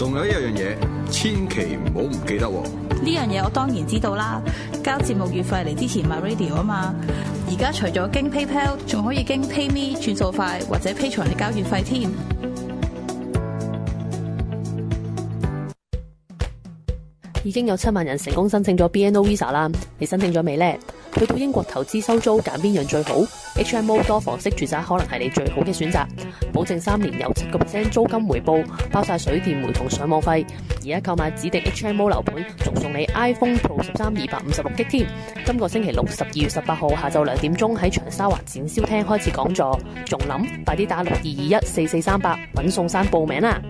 仲有一樣嘢，千祈唔好唔記得喎！呢樣嘢我當然知道啦，交節目月費嚟之前買 radio 啊嘛！而家除咗經 PayPal，仲可以經 PayMe 轉數快，或者 Pay 財嚟交月費添。已經有七萬人成功申請咗 BNO Visa 啦，你申請咗未呢？去到英國投資收租，揀邊樣最好？HMO 多房式住宅可能係你最好嘅選擇。保證三年有七個 percent 租金回報，包晒水電煤同上網費。而家購買指定 HMO 樓盤，仲送你 iPhone Pro 十三二百五十六 G 添。今個星期六十二月十八號下晝兩點鐘喺長沙灣展銷廳開始講座，仲諗快啲打六二二一四四三八揾宋生報名啦！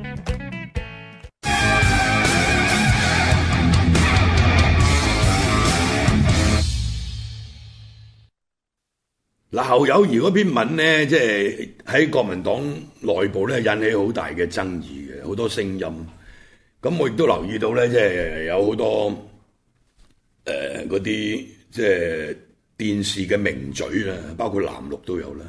嗱，侯友宜嗰篇文咧，即係喺國民黨內部咧引起好大嘅爭議嘅，好多聲音。咁我亦都留意到咧，即係有好多誒嗰啲即係電視嘅名嘴啊，包括藍綠都有啦。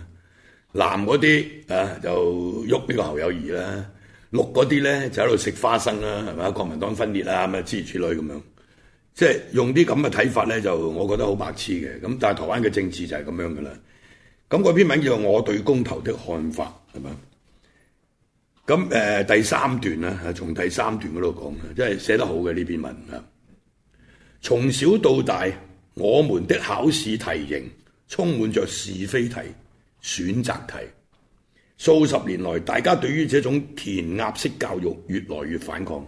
藍嗰啲啊就喐呢個侯友宜啦，綠嗰啲咧就喺度食花生啦，係嘛？國民黨分裂啊，咁啊諸如此類咁樣，即係用啲咁嘅睇法咧，就我覺得好白痴嘅。咁但係台灣嘅政治就係咁樣噶啦。咁嗰篇文叫《我對公投的看法》是吧，係咪？咁、呃、第三段呢，從第三段嗰度講嘅，係寫得好嘅呢篇文從從小到大，我們的考試題型充滿着是非題、選擇題。數十年來，大家對於這種填鴨式教育越來越反抗，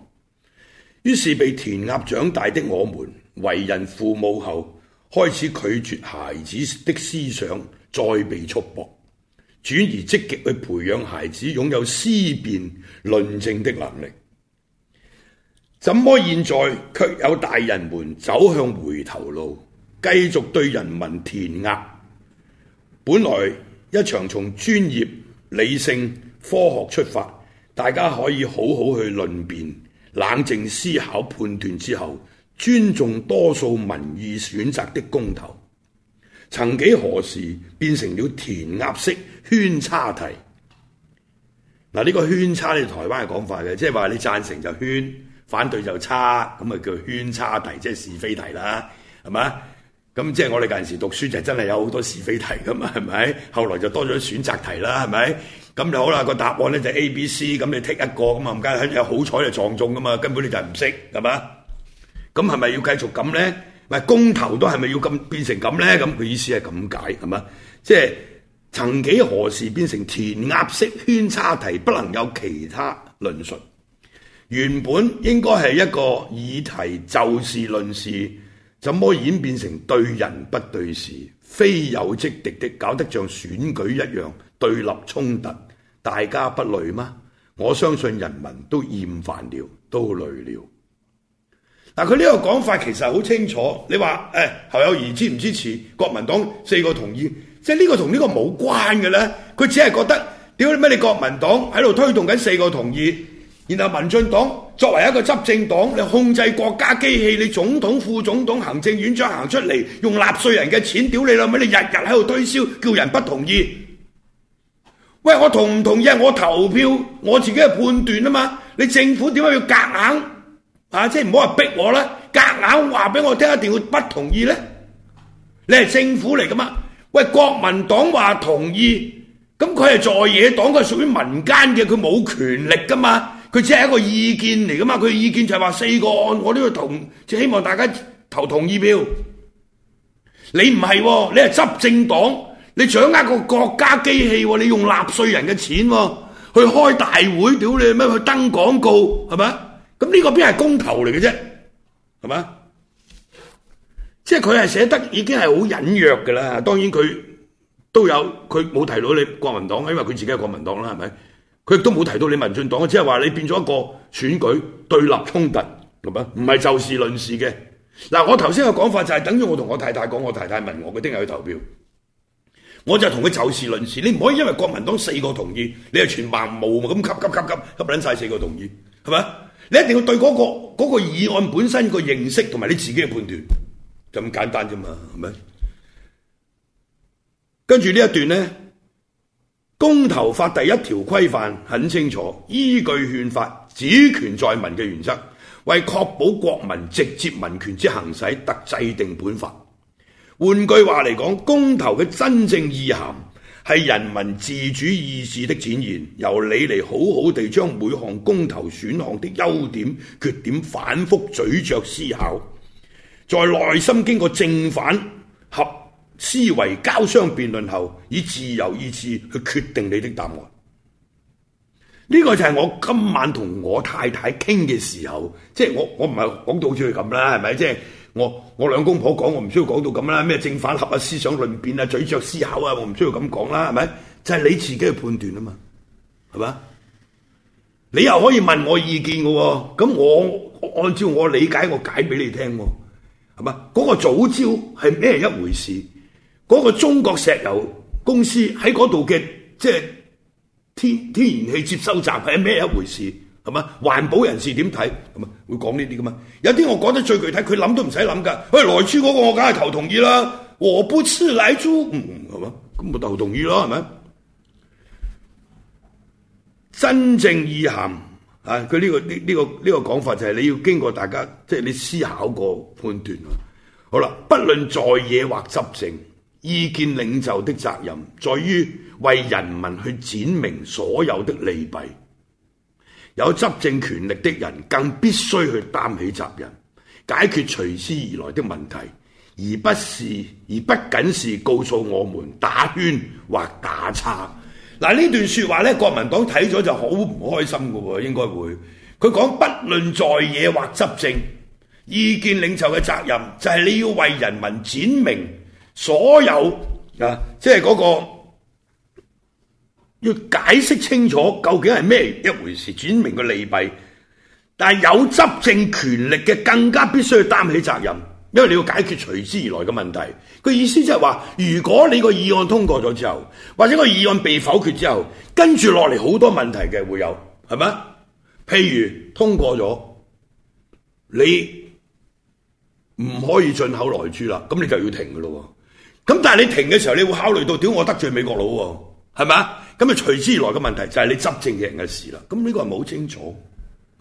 於是被填鴨長大的我們，為人父母後，開始拒絕孩子的思想再被束縛，轉而積極去培養孩子擁有思辨論證的能力。怎麼現在卻有大人們走向回頭路，繼續對人民填壓？本來一場從專業、理性、科學出發，大家可以好好去論辯、冷靜思考、判斷之後。尊重多數民意選擇的公投，曾幾何時變成了填鴨式圈叉題。嗱、啊，呢、這個圈叉呢，台灣嘅講法嘅，即係話你贊成就圈，反對就叉，咁啊叫圈叉題，即、就、係、是、是非題啦，係嘛？咁即係我哋嗰陣時讀書就真係有好多是非題㗎嘛，係咪？後來就多咗選擇題啦，係咪？咁就好啦，個答案呢就是 A、B、C，咁你剔一個咁啊，唔緊要，好彩就撞中㗎嘛，根本你就唔識係嘛？是吧。咁係咪要繼續咁呢？咪公投都係咪要咁變成咁呢？咁佢意思係咁解係嘛？即係、就是、曾幾何時變成填鴨式圈叉題，不能有其他論述？原本應該係一個議題，就事論事，怎麼演變成對人不對事、非友即敵的，搞得像選舉一樣對立衝突，大家不累嗎？我相信人民都厭煩了，都累了。但佢呢個講法其實好清楚，你話誒侯友宜支唔支持國民黨四個同意？即係呢個同呢個冇關嘅咧，佢只係覺得屌你咩你國民黨喺度推動緊四個同意，然後民進黨作為一個執政黨，你控制國家機器，你總統、副總統、行政院長行出嚟用納稅人嘅錢屌你啦，乜你日日喺度推銷，叫人不同意。喂，我同唔同意我投票，我自己嘅判斷啊嘛，你政府點解要夾硬？啊！即係唔好話逼我啦，夾硬話俾我聽一定要不同意咧。你係政府嚟噶嘛？喂，國民黨話同意，咁佢係在野黨，佢係屬於民間嘅，佢冇權力噶嘛。佢只係一個意見嚟噶嘛。佢意見就係話四個案，我都要同，就希望大家投同意票。你唔係喎，你係執政黨，你掌握個國家機器喎，你用納稅人嘅錢喎，去開大會，屌你咩去登廣告，係咪？咁呢個邊係公投嚟嘅啫，係嘛？即係佢係寫得已經係好隱約嘅啦。當然佢都有佢冇提到你國民黨，因為佢自己係國民黨啦，係咪？佢亦都冇提到你民進黨，即係話你變咗一個選舉對立衝突，係嘛？唔係就事論事嘅。嗱，我頭先嘅講法就係、是、等於我同我太太講，我太太問我佢聽日去投票，我就同佢就事論事。你唔可以因為國民黨四個同意，你係全盲無咁噏噏噏噏噏撚晒四個同意，係咪？你一定要對嗰個嗰個議案本身個認識同埋你自己嘅判斷就咁簡單啫嘛，係咪？跟住呢一段呢，公投法第一條規範很清楚，依據憲法，主權在民嘅原則，為確保國民直接民權之行使，特制定本法。換句話嚟講，公投嘅真正意涵。係人民自主意志的展現，由你嚟好好地將每項公投選項的優點、缺點反覆咀嚼思考，在內心經過正反合思維交相辯論後，以自由意志去決定你的答案。呢個就係我今晚同我太太傾嘅時候，即係我，我唔係講到處係咁啦，係咪啫？我我兩公婆講，我唔需要講到咁啦，咩正反合啊、思想論辯啊、咀嚼思考啊，我唔需要咁講啦，係咪？就係、是、你自己嘅判斷啊嘛，係咪？你又可以問我意見嘅喎，咁我，我按照我理解，我解俾你聽喎，係嘛？嗰、那個早朝係咩一回事？嗰、那個中國石油公司喺嗰度嘅即係天天然氣接收站係咩一回事？係嘛？環保人士點睇？咁啊，會講呢啲噶嘛？有啲我講得最具體，佢諗都唔使諗噶。佢萊豬嗰個，我梗係投同意啦。我不吃萊豬嗯，係嘛？咁咪投同意咯，係咪？是是真正意涵啊！佢、這、呢個呢呢呢個講、這個這個、法就係你要經過大家，即、就、係、是、你思考過判斷。好啦，不論在野或執政，意見領袖的責任，在於為人民去展明所有的利弊。有執政權力的人更必須去擔起責任，解決隨之而來的問題，而不是而不僅是告訴我們打圈或打叉。嗱，呢段説話咧，國民黨睇咗就好唔開心㗎喎，應該會佢講，他說不論在野或執政，意見領袖嘅責任就係你要為人民展明所有啊，即係嗰個。要解釋清楚究竟係咩一回事，轉明個利弊。但係有執政權力嘅更加必須要擔起責任，因為你要解決隨之而來嘅問題。佢意思就係話，如果你個議案通過咗之後，或者個議案被否決之後，跟住落嚟好多問題嘅會有，係咪？譬如通過咗，你唔可以進口萊豬啦，咁你就要停喇喎。咁但係你停嘅時候，你會考慮到屌我得罪美國佬喎，係咪？咁啊，隨之而來嘅問題就係你執政嘅人嘅事啦。咁呢個係冇清楚，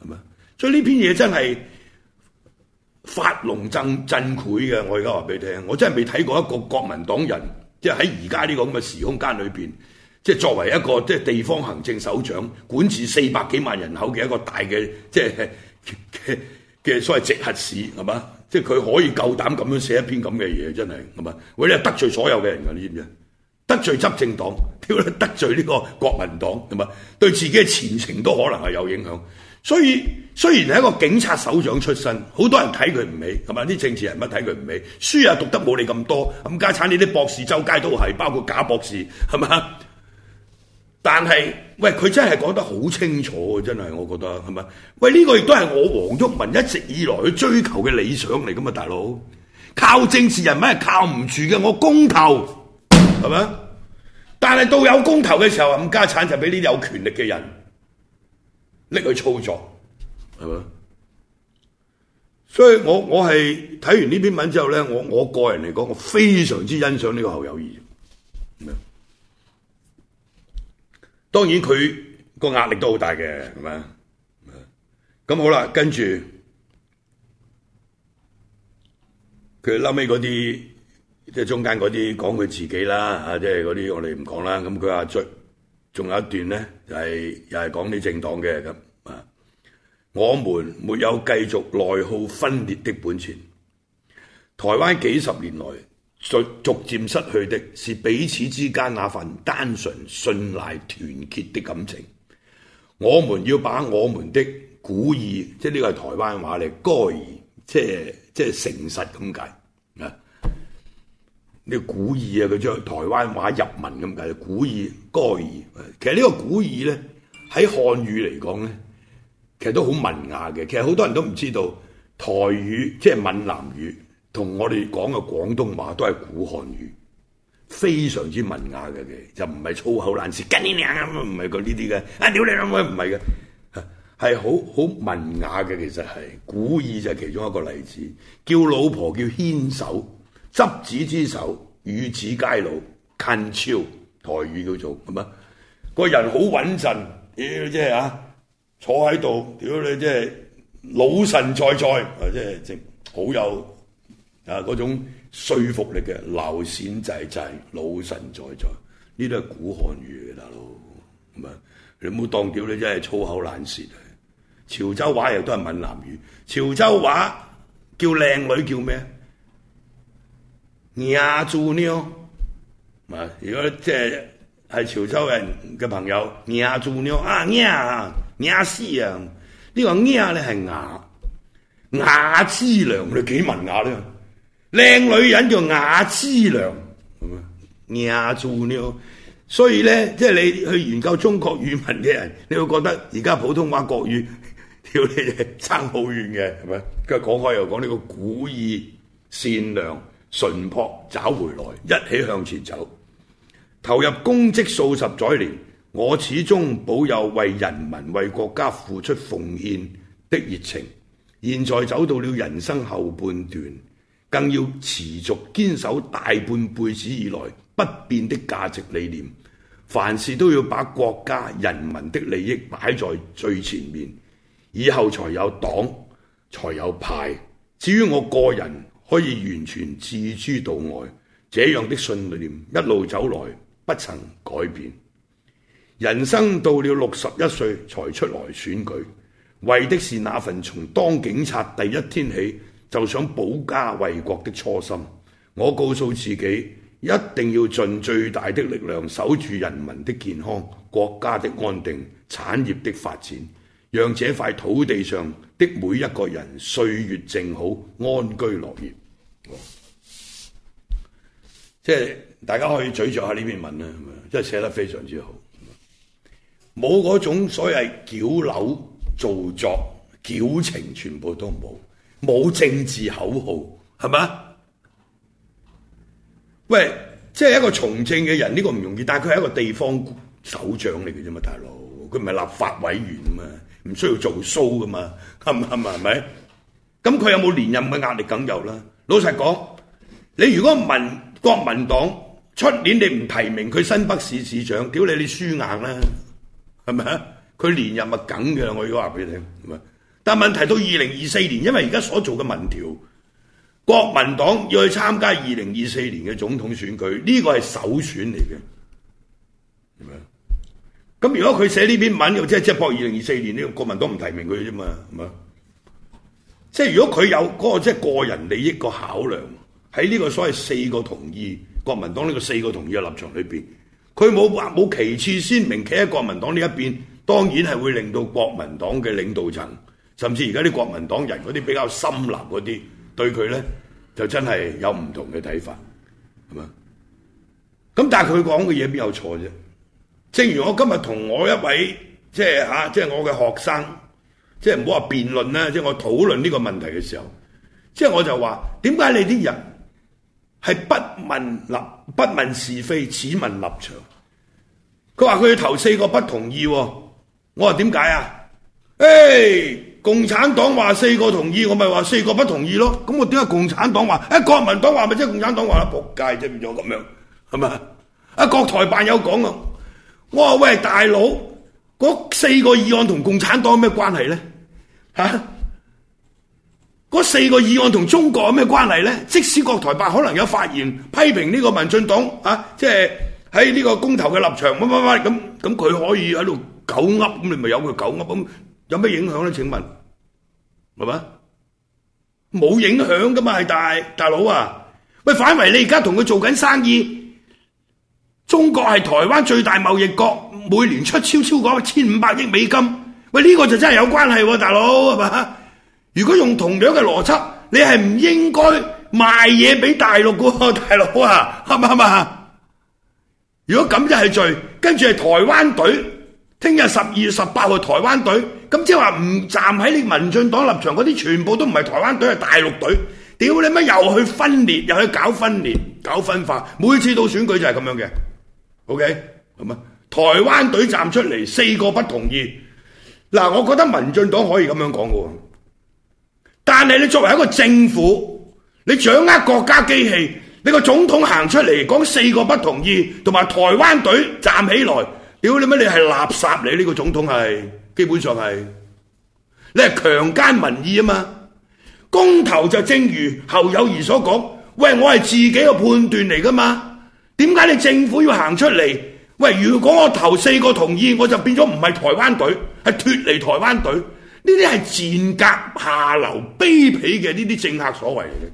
係咪？所以呢篇嘢真係發聾振振聵嘅。我而家話俾你聽，我真係未睇過一個國民黨人，即係喺而家呢個咁嘅時空間裏面，即係作為一個即係地方行政首長，管治四百幾萬人口嘅一個大嘅即係嘅所謂直轄市，係咪？即係佢可以夠膽咁樣寫一篇咁嘅嘢，真係係咪？喂，你得罪所有嘅人㗎，你知唔知？得罪執政黨，得罪呢個國民黨，同對自己嘅前程都可能係有影響。所以雖然係一個警察首長出身，好多人睇佢唔起，係咪？啲政治人物睇佢唔起，書又讀得冇你咁多，咁家產你啲博士周街都係，包括假博士，係咪？但係喂，佢真係講得好清楚，真係，我覺得係咪？喂，呢個亦都係我黃毓民一直以來去追求嘅理想嚟噶嘛，大佬靠政治人物係靠唔住嘅，我公投。係嘛？但係到有公投嘅時候，冚家產就俾啲有權力嘅人拎去操作，係嘛吧？所以我我係睇完呢篇文之後咧，我我個人嚟講，我非常之欣賞呢個侯友宜，明？當然佢個壓力都好大嘅，係嘛？咁好啦，跟住佢後尾嗰啲。即係中間嗰啲講佢自己啦，吓，即係嗰啲我哋唔講啦。咁佢話最，仲有一段咧，係、就係、又係講啲政黨嘅咁啊。我們沒有繼續內耗分裂的本錢，台灣幾十年來逐逐漸失去的是彼此之間那份單純信賴團結的感情。我們要把我們的古意，即係呢個係台灣話話咧，該即係即係誠實咁解。啲古意啊，佢將台灣話入文咁解，古意歌意。其實呢個古意咧，喺漢語嚟講咧，其實都好文雅嘅。其實好多人都唔知道，台語即係閩南語，同我哋講嘅廣東話都係古漢語，非常之文雅嘅嘅，就唔係粗口爛舌，跟你娘唔係佢呢啲嘅，啊屌你娘唔係嘅，係好好文雅嘅。其實係古意就係其中一個例子，叫老婆叫牽手。執子之手，與子偕老。近超台語叫做咁啊，個人好穩陣。屌、哎、即啊，坐喺度，屌你即係老神在在，啊即係即好有啊嗰、啊啊啊啊、種說服力嘅流線仔仔，老神在在。呢啲係古漢語嚟咯，咁啊你唔好當屌你真係粗口爛舌啊！潮州話又都係閩南語，潮州話叫靚女叫咩？雅姿娘，如果即係潮州人嘅朋友，雅姿娘，啊雅啊雅士啊，你話呢下，你係雅雅姿娘，你幾文雅呢？靚女人叫雅姿娘，係、嗯、咪？雅姿娘，所以咧即係你去研究中國語文嘅人，你會覺得而家普通話國語屌你差好遠嘅，係咪？跟住講開又講呢、這個古意善良。淳樸找回來，一起向前走。投入公職數十載年，我始終保有為人民、為國家付出奉獻的熱情。現在走到了人生後半段，更要持續堅守大半輩子以來不變的價值理念。凡事都要把國家、人民的利益擺在最前面，以後才有黨，才有派。至於我個人，可以完全置之度外，這樣的信念一路走來不曾改變。人生到了六十一歲才出來選舉，為的是那份從當警察第一天起就想保家衛國的初心。我告訴自己，一定要盡最大的力量守住人民的健康、國家的安定、產業的發展，讓這塊土地上的每一個人歲月靜好，安居樂業。即係大家可以咀嚼下呢篇文啦，咁樣即係寫得非常之好，冇嗰種所謂係矯扭造作、矯情，全部都冇，冇政治口號，係嘛？喂，即係一個從政嘅人，呢個唔容易，但係佢係一個地方首長嚟嘅啫嘛，大佬，佢唔係立法委員啊嘛，唔需要做 show 噶嘛，係唔係？係咪？咁佢有冇連任嘅壓力？梗有啦。老實講，你如果民國民黨出年你唔提名佢新北市市長，屌你你輸硬啦，係咪啊？佢連任咪梗嘅，我如果話俾你聽。係咪？但係問題到二零二四年，因為而家所做嘅民調，國民黨要去參加二零二四年嘅總統選舉，呢個係首選嚟嘅，係咪啊？咁如果佢寫呢篇文，又即係即係搏二零二四年呢個國民黨唔提名佢啫嘛，係嘛？即係如果佢有嗰個即係個人利益個考量，喺呢個所謂四個同意國民黨呢個四個同意嘅立場裏面，佢冇話冇旗幟鮮明企喺國民黨呢一邊，當然係會令到國民黨嘅領導層，甚至而家啲國民黨人嗰啲比較深諗嗰啲，對佢呢，就真係有唔同嘅睇法，係咪？咁但係佢講嘅嘢邊有錯啫？正如我今日同我一位即係吓即係我嘅學生。即係唔好話辯論啦，即係我討論呢個問題嘅時候，即係我就話點解你啲人係不問立，不問是非，只問立場。佢話佢投四個不同意，我話點解啊？誒、哎，共產黨話四個同意，我咪話四個不同意咯。咁我點解共產黨話？誒、哎，國民黨話咪即係共產黨話啦？仆街啫，變咗咁樣係咪啊，國台辦有講噶，我話喂，大佬，嗰四個議案同共產黨有咩關係咧？吓，嗰、啊、四個議案同中國有咩關係呢？即使國台辦可能有發言批評呢個民進黨啊，即係喺呢個公投嘅立場，乜乜乜，咁咁佢可以喺度狗噏，咁你咪由佢狗噏，咁有咩影響呢？請問係咪？冇影響噶嘛？係大大佬啊！喂，反為你而家同佢做緊生意，中國係台灣最大貿易國，每年出超超過千五百億美金。喂，呢個就真係有關係喎，大佬係嘛？如果用同樣嘅邏輯，你係唔應該賣嘢俾大陸嘅大佬啊，係嘛係嘛？如果咁就係罪，跟住係台灣隊，聽日十二月十八號台灣隊，咁即係話唔站喺你民進黨立場嗰啲，全部都唔係台灣隊係大陸隊，屌你乜，又去分裂，又去搞分裂、搞分化，每次到選舉就係咁樣嘅。OK，係嘛？台灣隊站出嚟，四個不同意。嗱，我覺得民進黨可以這樣講噶，但是你作為一個政府，你掌握國家機器，你個總統行出嚟講四個不同意，同埋台灣隊站起來，屌你乜？你是垃圾，你、這、呢個總統是基本上是你是強奸民意啊嘛！公投就正如侯友宜所講，喂，我是自己個判斷嚟㗎嘛？點解你政府要行出嚟？喂，如果我投四個同意，我就變咗唔係台灣隊，係脫離台灣隊。呢啲係賤格下流卑鄙嘅呢啲政客所為嚟嘅。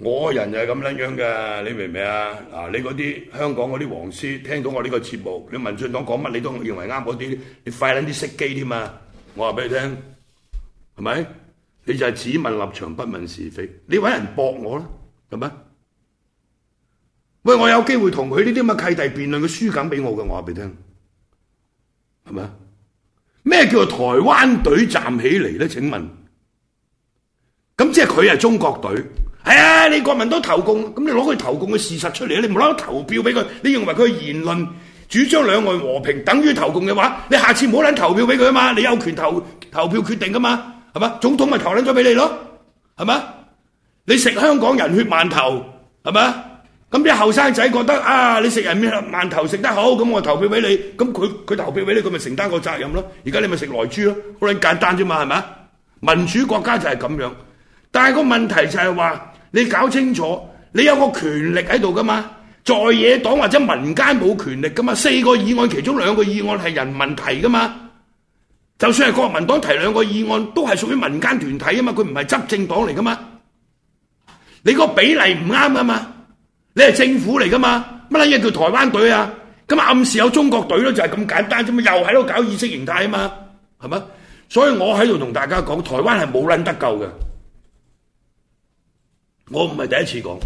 我人就係咁撚樣嘅，你明唔明啊？啊，你嗰啲香港嗰啲黃絲聽到我呢個節目，你民進黨講乜你都認為啱嗰啲，你快撚啲熄機添啊！我話俾你聽，係咪？你就係只問立場不問是非，你揾人駁我囉，係咪？喂，我有機會同佢呢啲咁嘅契弟辯論嘅輸梗俾我嘅，我話俾你聽，係咪啊？咩叫做台灣隊站起嚟咧？請問，咁即係佢係中國隊，係、哎、啊？你國民都投共，咁你攞佢投共嘅事實出嚟啊！你冇攞投票俾佢，你認為佢嘅言論主張兩岸和平，等於投共嘅話，你下次唔好撚投票俾佢啊嘛！你有權投投票決定噶嘛？係嘛？總統咪投撚咗俾你咯，係咪？你食香港人血饅頭，係咪？咁啲後生仔覺得啊，你食人面啦，饅頭食得好，咁我投票俾你，咁佢佢投票俾你，佢咪承擔個責任咯？而家你咪食萊豬咯，好簡單啫嘛，係咪啊？民主國家就係咁樣，但係個問題就係話你搞清楚，你有個權力喺度㗎嘛，在野黨或者民間冇權力㗎嘛，四個議案其中兩個議案係人民提㗎嘛，就算係國民黨提兩個議案，都係屬於民間團體啊嘛，佢唔係執政黨嚟㗎嘛，你個比例唔啱啊嘛。你係政府嚟㗎嘛？乜撚嘢叫台灣隊啊？咁啊暗示有中國隊咯，就係咁簡單啫嘛！又喺度搞意識形態啊嘛，係咪？所以我喺度同大家講，台灣係冇撚得救嘅。我唔係第一次講，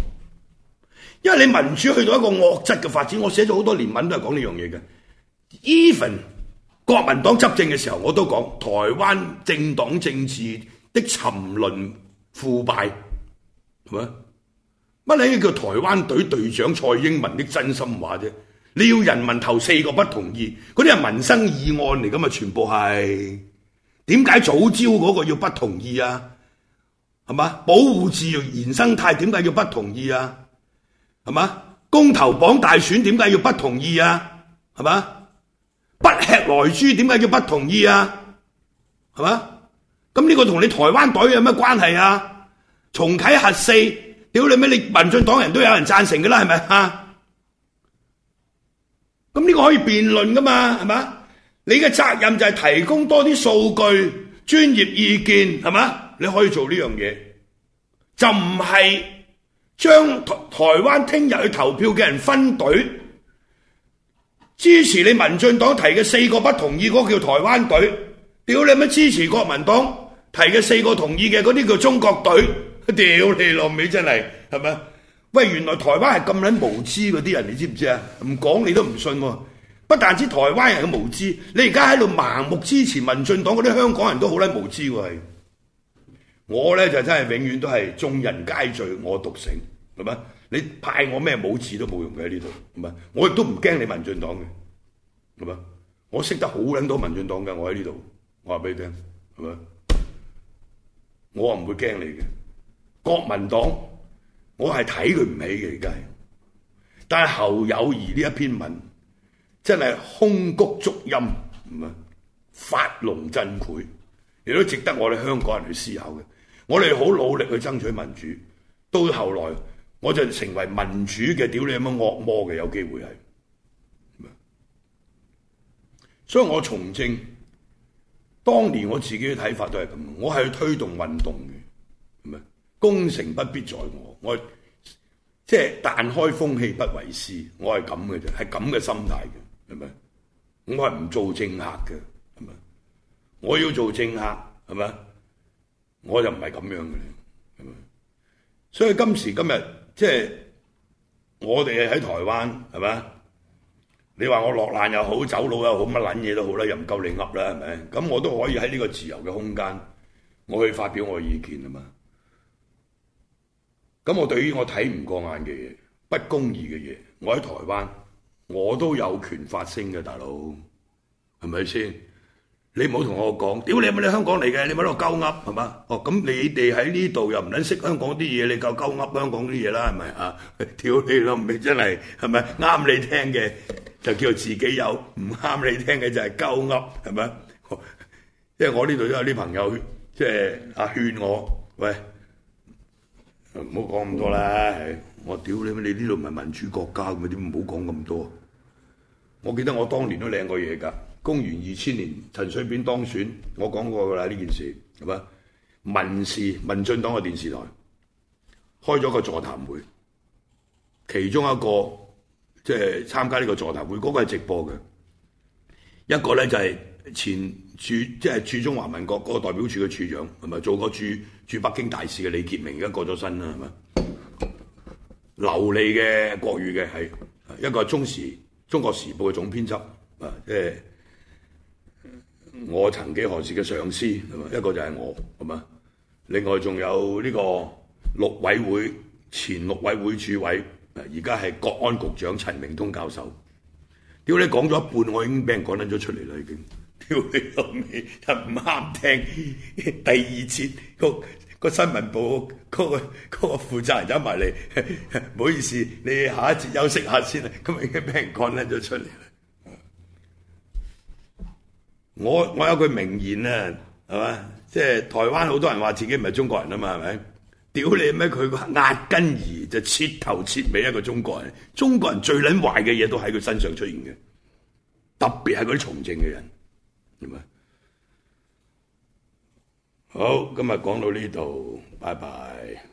因為你民主去到一個惡質嘅發展，我寫咗好多年文都係講呢樣嘢嘅。Even 國民黨執政嘅時候，我都講台灣政黨政治的沉淪腐敗，係咪？乜你叫台灣隊隊長蔡英文的真心話啫？你要人民投四個不同意，嗰啲係民生議案嚟，咁啊全部係點解藻礁嗰個要不同意啊？係嘛？保護自然生態點解要不同意啊？係嘛？公投綁大選點解要不同意啊？係嘛？不吃萊豬點解要不同意啊？係嘛？咁呢個同你台灣隊有咩關係啊？重啟核四？屌你咩？你民進黨人都有人贊成噶啦，係咪啊？咁呢個可以辯論噶嘛？係嘛？你嘅責任就係提供多啲數據、專業意見，係嘛？你可以做呢樣嘢，就唔係將台灣聽日去投票嘅人分隊，支持你民進黨提嘅四個不同意嗰個叫台灣隊，屌你咩，支持國民黨提嘅四個同意嘅嗰啲叫中國隊。屌你老味真係，係咪？喂，原來台灣係咁鬼無知嗰啲人，你知唔知啊？唔講你都唔信，啊。不但止台灣人嘅無知，你而家喺度盲目支持民進黨嗰啲香港人都好撚無知喎，啊。係我呢就真係永遠都係眾人皆醉我獨醒，係咪？你派我咩武器都冇用嘅喺呢度，係咪？我亦都唔驚你民進黨嘅，係咪？我識得好撚多民進黨嘅，我喺呢度，我話俾你聽，係咪？我唔會驚你嘅。國民黨，我係睇佢唔起嘅，而家，但係侯友宜呢一篇文真係空谷足音，唔，啊，發聾振聵，亦都值得我哋香港人去思考嘅。我哋好努力去爭取民主，到後來我就成為民主嘅屌你乜惡魔嘅有機會係，所以我從政當年我自己嘅睇法都係咁，我係去推動運動的。功成不必在我，我即係但開風氣不為師，我係咁嘅啫，係咁嘅心態嘅，明唔明？咁我係唔做政客嘅，係咪？我要做政客，係咪？我就唔係咁樣嘅，係咪？所以今時今日，即係我哋喺台灣，係咪？你話我落難又好，走佬又好，乜撚嘢都好啦，又唔夠你噏啦，係咪？咁我都可以喺呢個自由嘅空間，我去發表我嘅意見啊嘛。是咁我對於我睇唔過眼嘅嘢、不公義嘅嘢，我喺台灣我都有權發聲嘅，大佬係咪先？你唔好同我講，屌你咪你香港嚟嘅，你咪喺度鳩噏係嘛？哦，咁你哋喺呢度又唔撚識香港啲嘢，你夠鳩噏香港啲嘢啦係咪啊？屌你咯，咪真係係咪啱你聽嘅就叫自己有，唔啱你聽嘅就係鳩噏係咪？因為我呢度都有啲朋友即係啊勸我，喂。唔好講咁多啦！嗯、我屌你咩？你呢度唔係民主國家咁？點唔好講咁多？我記得我當年都領過嘢㗎。公元二千年，陳水扁當選，我講過㗎啦呢件事係咪？民視民進黨嘅電視台開咗個座談會，其中一個即係、就是、參加呢個座談會嗰、那個係直播嘅，一個咧就係前駐即係駐中華民國嗰個代表處嘅處長，係咪做過駐駐北京大使嘅李潔明，而家過咗身啦，係咪？流利嘅國語嘅係一個中時中國時報嘅總編輯，啊，即係我曾幾何時嘅上司，係咪？一個就係我，係咪？另外仲有呢個陸委會前陸委會主委，而家係國安局長陳明通教授。屌你講咗一半，我已經俾人講得咗出嚟啦，已經。屌你老味，就唔啱聽。第二次個新聞報嗰個嗰個負責人走埋嚟，唔好意思，你下一節休息下先啦。今日已經俾人趕甩咗出嚟。我我有句名言啊，係嘛？即係台灣好多人話自己唔係中國人啊嘛，係咪？屌你咩？佢壓根兒就徹頭徹尾一個中國人。中國人最撚壞嘅嘢都喺佢身上出現嘅，特別係嗰啲從政嘅人。好，今日講到呢度，拜拜。